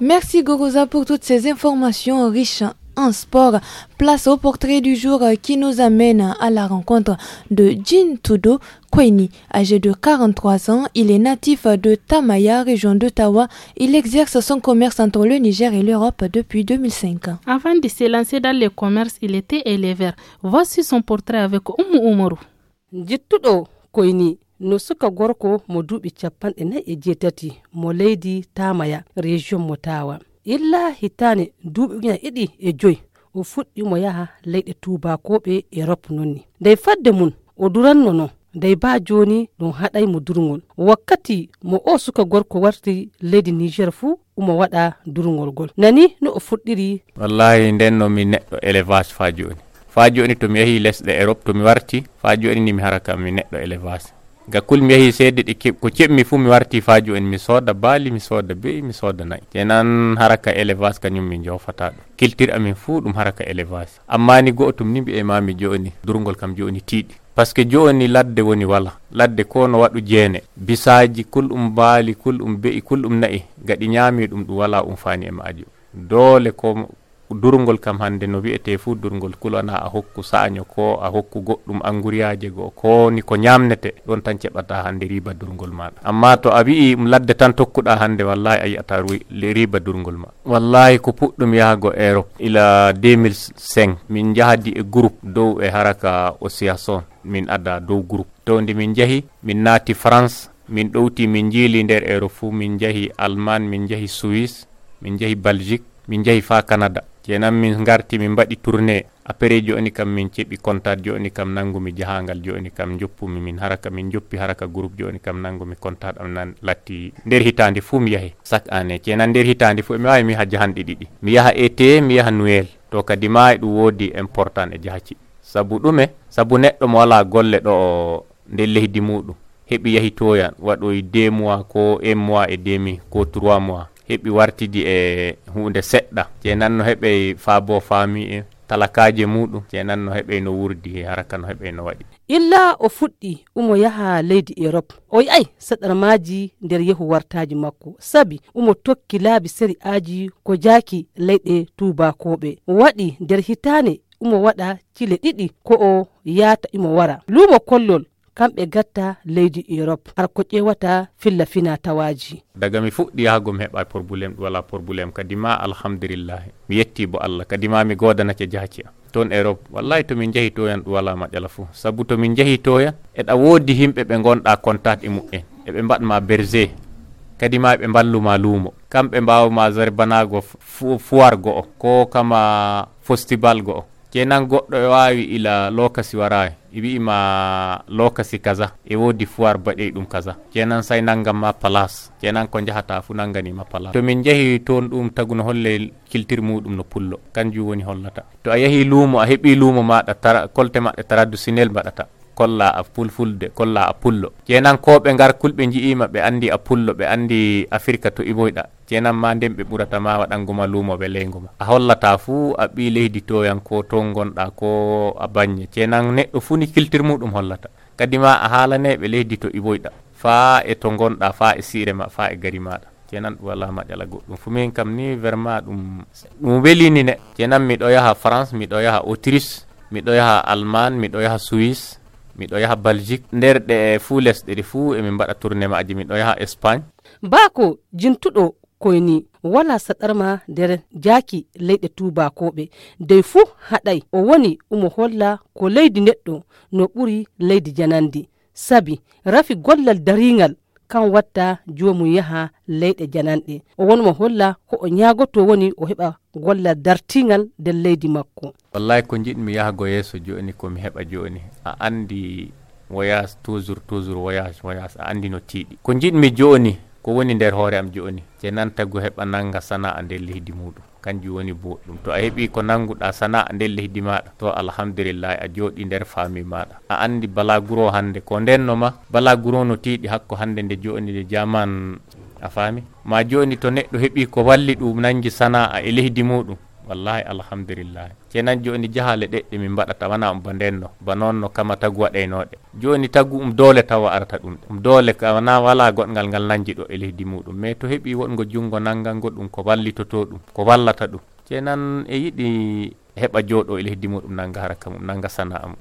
Merci Gorosa pour toutes ces informations riches en sport. Place au portrait du jour euh, qui nous amène à la rencontre de Jin Tudo Kweni. Âgé de 43 ans, il est natif de Tamaya, région d'Ottawa. Il exerce son commerce entre le Niger et l'Europe depuis 2005. Avant de se lancer dans le commerce, il était éleveur. Voici son portrait avec Oumu Jin Tudo Kweni. suka gorko mo e tamaya région illa hittane duuɓi ujuna ɗiɗi e joyi o fuɗɗi mo yaha leyɗe tubakoɓe erope nonni ndey fadde mum o duranno non ndey ba joni ɗum haɗay mo durgol wakkati mo o suka gorko warti leydi niger fuu omo waɗa durgol gol nani no o fuɗɗiri wallahi nden no mi neɗɗo élevage fa joni fa joni tomi yeehi lesɗe europe tomi warti fa joni ni mi hara kam mi neɗɗo élevage ga kulmi yahi seede ɗi ko keɓmi fuu mi warti faaju en mi sooda baali mi sooda beyi mi sooda nayi te nan haraka élevage kañum min jofata ɗum culture amin fuu ɗum haraka élevage amma ni gotum ni mbi'e mami joni durgol kam joni tiiɗi par ce que joni ladde woni wala ladde ko no waɗu jeene bisaji kulɗum baali kulɗum be'i kulɗum nayi gaɗi ñaami ɗum ɗum wala um faani e maaju doole ko durgol kam hande no wi'ete fuu durgol kulana a hokku saño ko a hokku goɗɗum anguriyaje go ko ni ko ñamnete ɗon tan ceɓata hande riba durgol maɗa amma to a wi'i ladde tan tokkuɗa hande wallahi a yiyata riba durgol ma wallahi ko puɗɗum yahago e europe ila 2005 min jahadi e groupe dow e haraka ossiation min ada dow groupe to nde min jahi min naati france min ɗowti min jiili nder europe fuu min jahi allemagne min jahi suisse min jahi belgique min jahi fa canada ceenan min garti min mbaɗi tourné après joni kam min ceɓi contat joni kam nangumi jahangal joni kam joppumi min haraka min joppi haraka groupe joni kam nangumi contat am nan latti nder hitande fuu mi yahi chaque année ceenan nder hitande fuu mi wawi mi yaha jahanɗi ɗiɗi mi yaha été e mi yaha nuel to kadi ma e ɗum woodi important e jahaci sabu ɗume sabu neɗɗo mo wala golle ɗo nder leydi muɗum heɓi yahi toyan waɗoy deux mois ko un mois et demi ko trois mois heɓi wartidi e hunde seɗɗa je nanno heɓe faabo faami e talakaji muɗum je nanno heɓe no wurdi e haraka no heɓe no waɗi illa o fuɗɗi umo yaha leydi europe o yi'ay seɗɗanmaji nder yehu wartaji makko sabi umo tokki laabi séri aji ko jaaki leyɗe tubakoɓe waɗi nder hitane umo waɗa cile ɗiɗi ko o yaata imo wara luumo kollol kamɓe gatta leydi europe har ko ƴewata filla fina tawaji daga mi fuɗɗi mi heɓa probléme wala probléme kadi ma alhamdulillahi mi yetti bo allah kadi ma mi godanake jahci am toon europe wallahi tomin jeehi toyan ɗu wala maƴala fo saabu tomin jehi toyan eɗa woodi himɓe ɓe gonɗa contact e mumen eɓe mbaɗma berger kadi ma ɓe balluma luumo kamɓe mbawma zarbanago fuwar o ko kama festival o kenan goɗɗo e wawi ila lokasi warawi e wiima lokasi kaza e wodi foir baɗey ɗum kaza kenan say nangatma place kenan ko jahata fo nanganima place tomin jeehi toon ɗum taguno holle culture muɗum no pullo kanjum woni hollata to a yeehi luumo a heeɓi luumo maɗa tara kolte maɗa traditionnel mbaɗata kolla a pulfulde kolla a pullo ƴenan koɓe gar kulɓe jiyima ɓe andi a pullo ɓe andi afrique to iboyɗa cenan ma nden ɓe ɓurata ma waɗango ma lumo ɓe a hollata fuu a ɓi leydi toyan ko ton gonɗa ko a bañe cenan neɗɗo fuu ni kiltir muɗum hollata kadi ma a haalaneɓe leydi to iboyɗa fa e to gonɗa fa e sire ma fa e gari maɗa cenan ɗum wala maƴala goɗɗum fo min kam ni vraiment ɗum ɗum welini ne cenan miɗo yaha france miɗo yaha autriche miɗo yaha allemagne miɗo yaha suisse miɗo yaha belgique nder ɗe fuu lesɗe ɗi fuu emin mbaɗa tourné maji miɗo yaha espagne bako jintuɗo koyni wala saɗarma nder jaaki leyɗe tubakoɓe dey fuu haɗay o woni omo holla ko leydi neɗɗo no ɓuri leydi janandi sabi rafi gollal daringal kan watta jomum yaha leyɗe jananɗe o wonmo holla ko o ñagotto woni o heɓa gollal dartingal nder leydi makko wallay ko jiɗmi yahago yesso joni komi heɓa joni a andi voyage toujours toujours voyage voyage a andi no tiiɗi ko jiɗmi joni ko woni nder hoore am joni je nan taggu heɓa nanga sana'a nder leydi muɗum kanjum woni boɗɗum to a heeɓi ko nannguɗa sana'a nder leydi maɗa to alhamdulillahi a jooɗi nder faami maɗa a andi bala gouro hannde ko ndenno ma bala gouro no tiiɗi hakko hannde nde joni nde jaman a faami ma joni to neɗɗo heeɓi ko walli ɗum nanji sana'a e leydi muɗum wallahi alhamdulillah kenan joni jahale ɗeɗɗe min mbaɗata wona ba ndenno ba noon no kama tagu waɗeynoɗe joni tagu um doole tawa arata ɗum um doole wona wala goɗgal ngal nanji ɗo e leydi muɗum mais to heeɓi wongo jungo nangal ɗum ko wallitoto ɗum ko wallata ɗum kenan e yiɗi heɓa jooɗo e leydi muɗum nanga hara mum nanga sana'a mum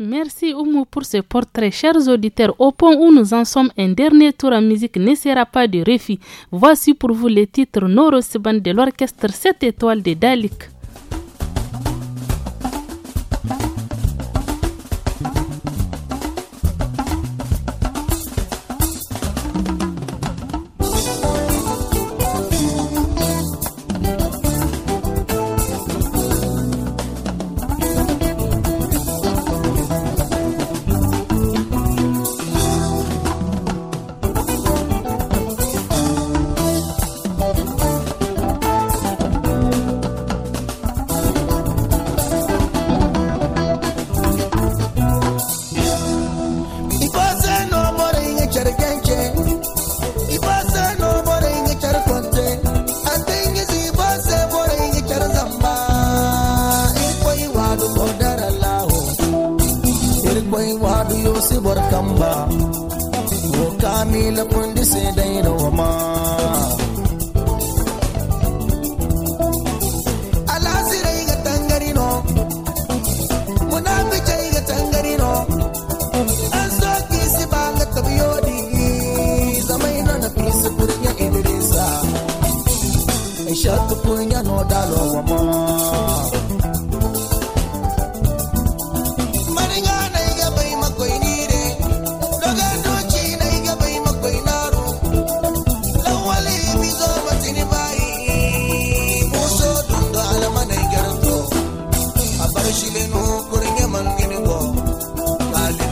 Merci Oumu pour ce portrait, chers auditeurs. Au point où nous en sommes, un dernier tour à musique ne sera pas de refus. Voici pour vous les titres Seban de l'orchestre 7 étoiles de Dalik.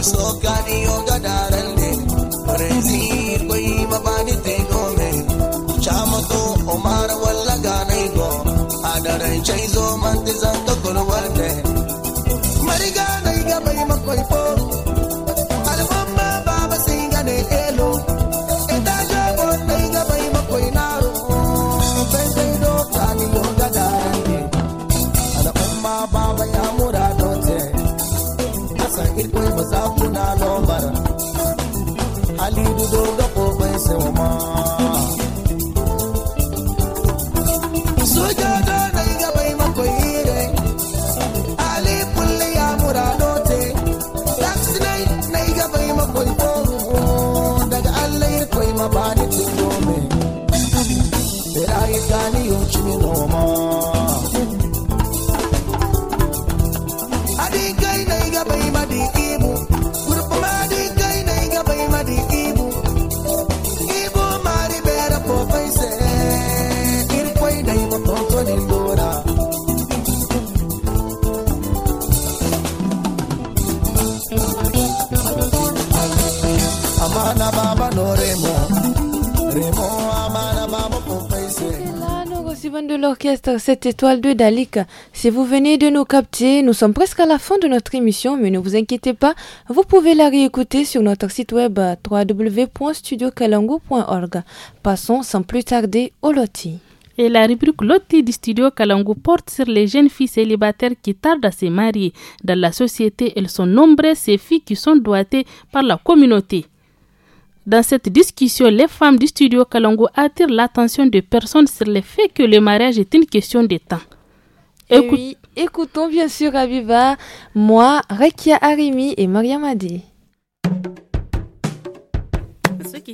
sokani o darande rezi koi mabani tego me chamo to omar walla ganai go adaran chaizo mantizanto Cette étoile de Dalik. Si vous venez de nous capter, nous sommes presque à la fin de notre émission, mais ne vous inquiétez pas, vous pouvez la réécouter sur notre site web www.studiocalango.org. Passons sans plus tarder au loti. Et la rubrique Loti du studio Kalangu porte sur les jeunes filles célibataires qui tardent à se marier. Dans la société, elles sont nombreuses ces filles qui sont doigtées par la communauté. Dans cette discussion, les femmes du studio Kalongo attirent l'attention de personnes sur le fait que le mariage est une question de temps. écoutons bien sûr Abiba, moi, Rekia Arimi et Maria Madi. hey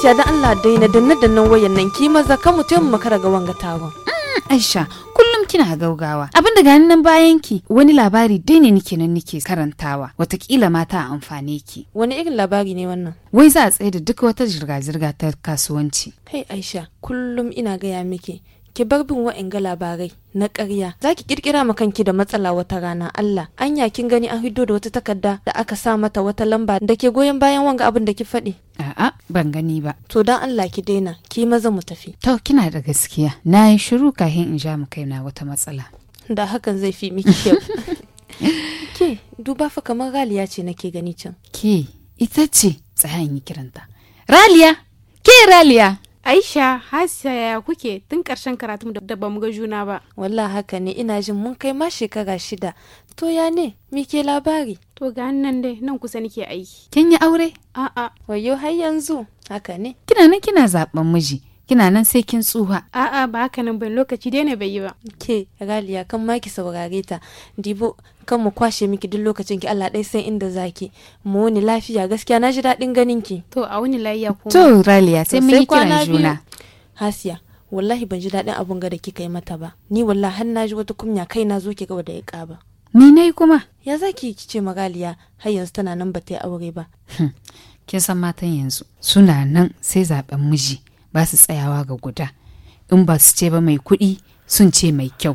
Asiya da Allah daina danna dannan wayan nan ki maza ka mu mu makara ga wanga tawon. Mm, Aisha kullum kina gaugawa abin da gani nan bayan ki wani labari dai ne nike nan nike karantawa watakila mata a amfane ki. Wani irin labari ne wannan? Wai za a tsaye da duk wata zirga-zirga ta kasuwanci. Kai Aisha kullum ina gaya miki ki bar bin wa'anga labarai na ƙarya za ki kirkira ma kanki da matsala wata rana Allah anya kin gani an hiddo da wata takarda da aka sa mata wata lamba da ke goyon bayan wanga abin da ki faɗi a'a ban gani ba to dan Allah ki daina ki maza mu tafi to kina da gaskiya na yi shiru kafin in ja mu kaina wata matsala da hakan zai fi miki kyau ke duba fa kamar raliya ce nake gani can ke ita ce tsayan kiranta raliya ke raliya Aisha Hasiya yaya kuke tun karshen karatu da ba mu ga juna ba. Wallah haka ne ina jin mun kai ma shekara shida. To ya ne me ke labari? To ga nan dai nan kusa nake aiki. Kin yi aure? A'a. Wayo har yanzu haka ne. Kina nan kina zaben miji. kina nan sai kin tsuha a'a ba haka nan ban lokaci daina bai yi ba ke raliya kan ma ki saurare ta dibo kan mu kwashe miki duk lokacin ki Allah dai san inda zaki mu wani lafiya gaskiya na ji daɗin ganin ki to a wani lafiya ko. to raliya sai mun yi kiran juna hasiya wallahi ban ji daɗin abun ga da kika yi mata ba ni wallahi har na ji wata kunya kai na zo ki ga da ya ƙaba ni nayi kuma ya zaki ki ce magaliya har yanzu tana nan ba ta yi aure ba hm, kin san matan yanzu suna nan sai zaben miji ba su tsayawa ga guda in ba su ce ba mai kuɗi sun ce mai kyau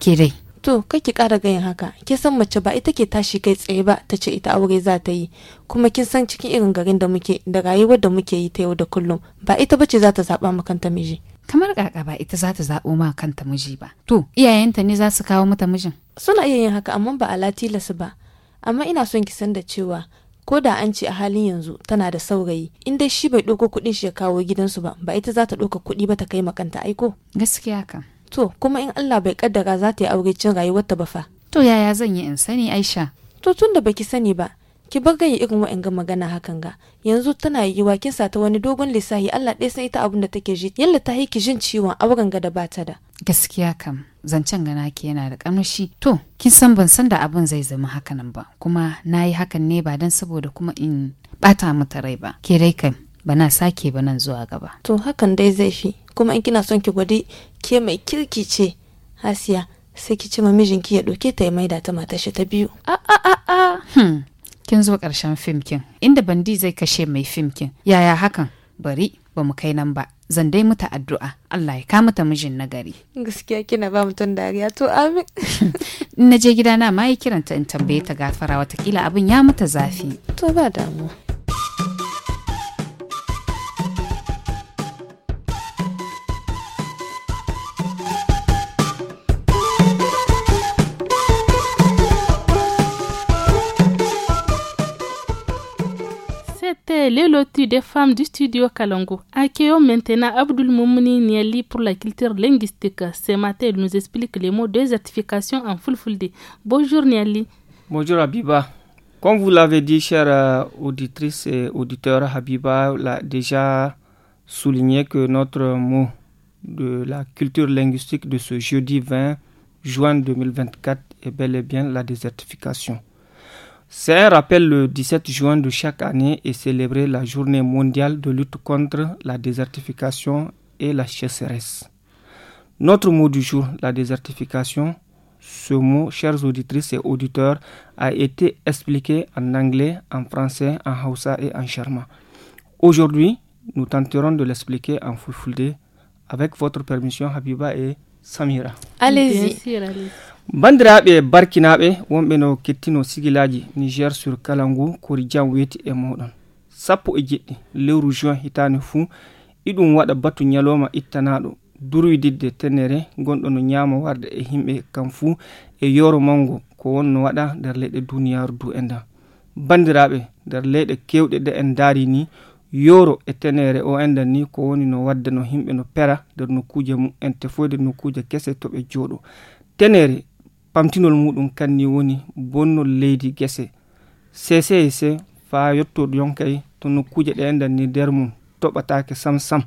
ke dai to kai ki ƙara gayin haka ke san mace ba ita ke tashi kai tsaye ba ta ce ita aure za ta yi kuma kin san cikin irin garin da muke da rayuwar da muke yi ta yau da kullum ba ita bace za ta zaɓa ma kanta miji kamar kaka ba ita za ta zaɓo ma kanta miji ba to iyayenta ne za su kawo mata mijin suna iya yin haka amma ba a latilasu ba amma ina son ki san da cewa ko da an ce a halin yanzu tana da saurayi in dai shi bai ɗauko kuɗin shi ya kawo gidansu ba ba ita za ta ɗauka kuɗi ba ta kai makanta aiko gaskiya ka to kuma in Allah bai kaddara za ta yi aure cin rayuwarta ba fa to yaya zan yi in sani Aisha to tun da baki sani ba ki bar gayi irin wa'anga magana hakan ga yanzu tana yiwuwa kin sa ta wani dogon lissahi Allah ɗaya san ita abin da take ji yalla ta yi ki jin ciwon auren ga da ba da gaskiya kam zancen gana ki yana da kamshi to kin san ban san da abin zai zama hakanan ba kuma na yi hakan ne ba dan saboda kuma in bata mata rai ba ke dai kai bana sake ba nan zuwa gaba to hakan dai zai fi kuma in kina son ki gwadi ke mai kirki ce hasiya sai ki ce ma mijinki ya ɗauke ta ya maida ta mata shi ta biyu a a a a kin zo ƙarshen fimkin inda bandi zai kashe mai fimkin yaya hakan bari ba mu kai nan ba zan dai muta addu'a Allah ya kama ta mijin na gari gaskiya kina ba mutum dariya to amin na je gidana ma yi kiranta in tambaye ta gafara watakila abin ya mata zafi to ba damuwa les des femmes du studio Kalongo. Accueillons maintenant Abdul Moumouni Niali pour la culture linguistique. Ce matin, il nous explique les mots en en fulfulde. Bonjour Niali. Bonjour Habiba. Comme vous l'avez dit, chère euh, auditrice et auditeur, Habiba l'a déjà souligné que notre mot de la culture linguistique de ce jeudi 20 juin 2024 est bel et bien la désertification. C'est un rappel le 17 juin de chaque année et célébrer la journée mondiale de lutte contre la désertification et la chasseresse. Notre mot du jour, la désertification, ce mot, chers auditrices et auditeurs, a été expliqué en anglais, en français, en hausa et en charma. Aujourd'hui, nous tenterons de l'expliquer en fulfulde. Avec votre permission, Habiba et samira allez-y bandiraɓe barkinaɓe wonɓe no kettino sigilaji niger sur Kalangu, ngu kori jam weeti e moɗon sappo e jeɗɗi lewru juin hitande fuu iɗum waɗa batu ñalowma ittanaɗo durwididde tenere gonɗo no ñaama warde e himɓe kam e yoro mango ko wonno waɗa nder leyɗe duniyaru du enda. bandiraɓe nder leyɗe kewɗe ɗe e ni yoro e tenere o ni ko woni no wadde no himɓe no pera nder nokkuje mumen te fo to jooɗo tenere pamtinol muɗum kanni woni bonnol leydi gese ccc fa yetto yonkay e to nokkuje ɗe endan ni nder mum toɓatake sam sam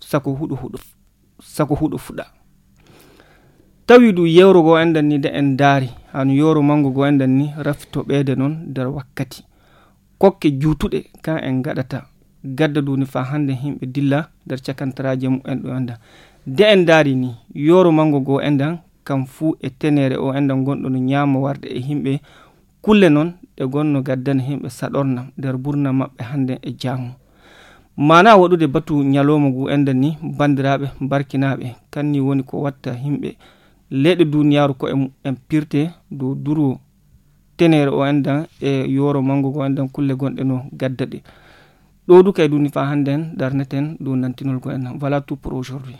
sako huɗo huɗo sako huɗo tawi ɗum go endan ni de en an yoro mango go endan ni rafito ɓeede noon nder wakkati kokke kan en gadda duni fa hande himɓe dilla nder cakantaraje mumen ɗo enda de en daari ni yoro mango goo endan kam fuu e tenere o endan gonɗo no ñaama warde e himɓe kulle noon ɗe gonno gaddana himɓe saɗorna nder burna maɓɓe hande e jaamu mana waɗude batu ñalowma ngu endan ni bandiraɓe barkinaɓe kanni woni ko watta himɓe leɗe duniyaru ko e en pirte do duro tenere o endan e yoro mango go endan kulle gonɗe no gadda ɗe voilà tout pour aujourd'hui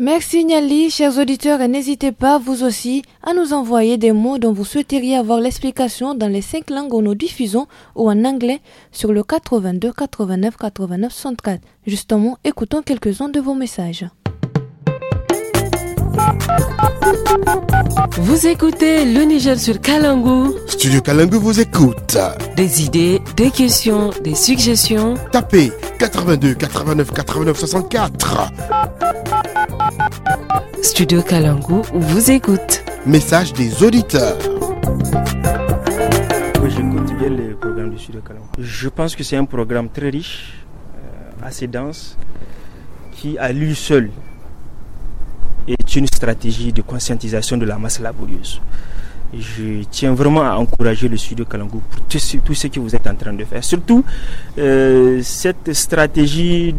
Merci Niali, chers auditeurs, et n'hésitez pas, vous aussi, à nous envoyer des mots dont vous souhaiteriez avoir l'explication dans les cinq langues où nous diffusons ou en anglais sur le 82 89 89 64. Justement, écoutons quelques-uns de vos messages. Vous écoutez le Niger sur Kalangu. Studio Kalangu vous écoute. Des idées, des questions, des suggestions. Tapez 82 89 89 64. Studio Kalangu vous écoute. Message des auditeurs. Je pense que c'est un programme très riche, euh, assez dense, qui a lui seul est une stratégie de conscientisation de la masse laborieuse. Je tiens vraiment à encourager le studio Kalangou pour tout ce, que vous êtes en train de faire. Surtout euh, cette stratégie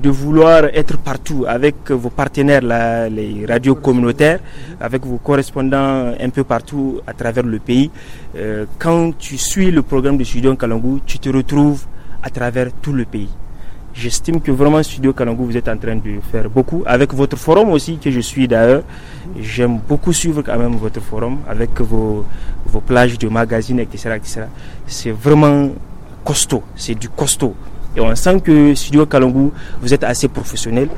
de vouloir être partout avec vos partenaires, là, les radios communautaires, avec vos correspondants un peu partout à travers le pays. Euh, quand tu suis le programme de studio Kalangou, tu te retrouves à travers tout le pays. J'estime que vraiment Studio Kalangu, vous êtes en train de faire beaucoup. Avec votre forum aussi, que je suis d'ailleurs, j'aime beaucoup suivre quand même votre forum avec vos, vos plages de magazines, etc. C'est vraiment costaud, c'est du costaud. Et on sent que Studio Kalangu, vous êtes assez professionnel.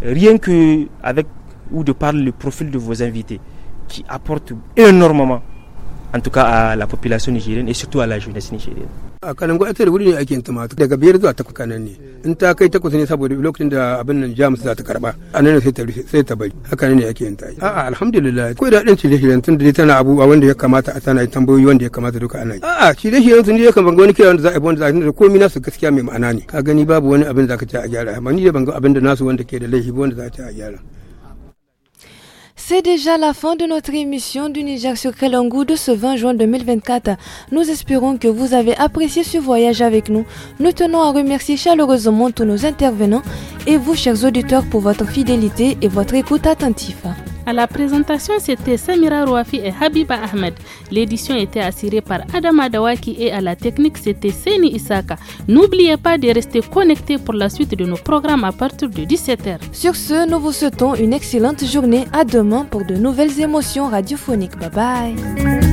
Rien que avec ou de par le profil de vos invités, qui apporte énormément, en tout cas à la population nigérienne et surtout à la jeunesse nigérienne. a kanan gwamnati da wuri ne ake tumatir daga biyar zuwa takwas kanan ne in ta kai takwas ne saboda lokacin da abin nan jamus za ta karba a nan sai ta sai ta bari haka ne ake yin ta a'a alhamdulillah ko da din shirye shiryen tun da tana abubuwa wanda ya kamata a tana tambayoyi wanda ya kamata duka ana yi a'a shirye shiryen tun da ya kamata wani kira wanda za a yi wanda za a yi komai nasu gaskiya mai ma'ana ne ka gani babu wani abin da za ka ci a gyara amma ni da ban ga abin da nasu wanda ke da laifi wanda za a ci a gyara C'est déjà la fin de notre émission du Niger sur Langou de ce 20 juin 2024. Nous espérons que vous avez apprécié ce voyage avec nous. Nous tenons à remercier chaleureusement tous nos intervenants et vous, chers auditeurs, pour votre fidélité et votre écoute attentive. À la présentation, c'était Samira Rouafi et Habiba Ahmed. L'édition était assurée par Adama Dawaki et à la technique, c'était Seni Isaka. N'oubliez pas de rester connectés pour la suite de nos programmes à partir de 17h. Sur ce, nous vous souhaitons une excellente journée. À demain pour de nouvelles émotions radiophoniques. Bye bye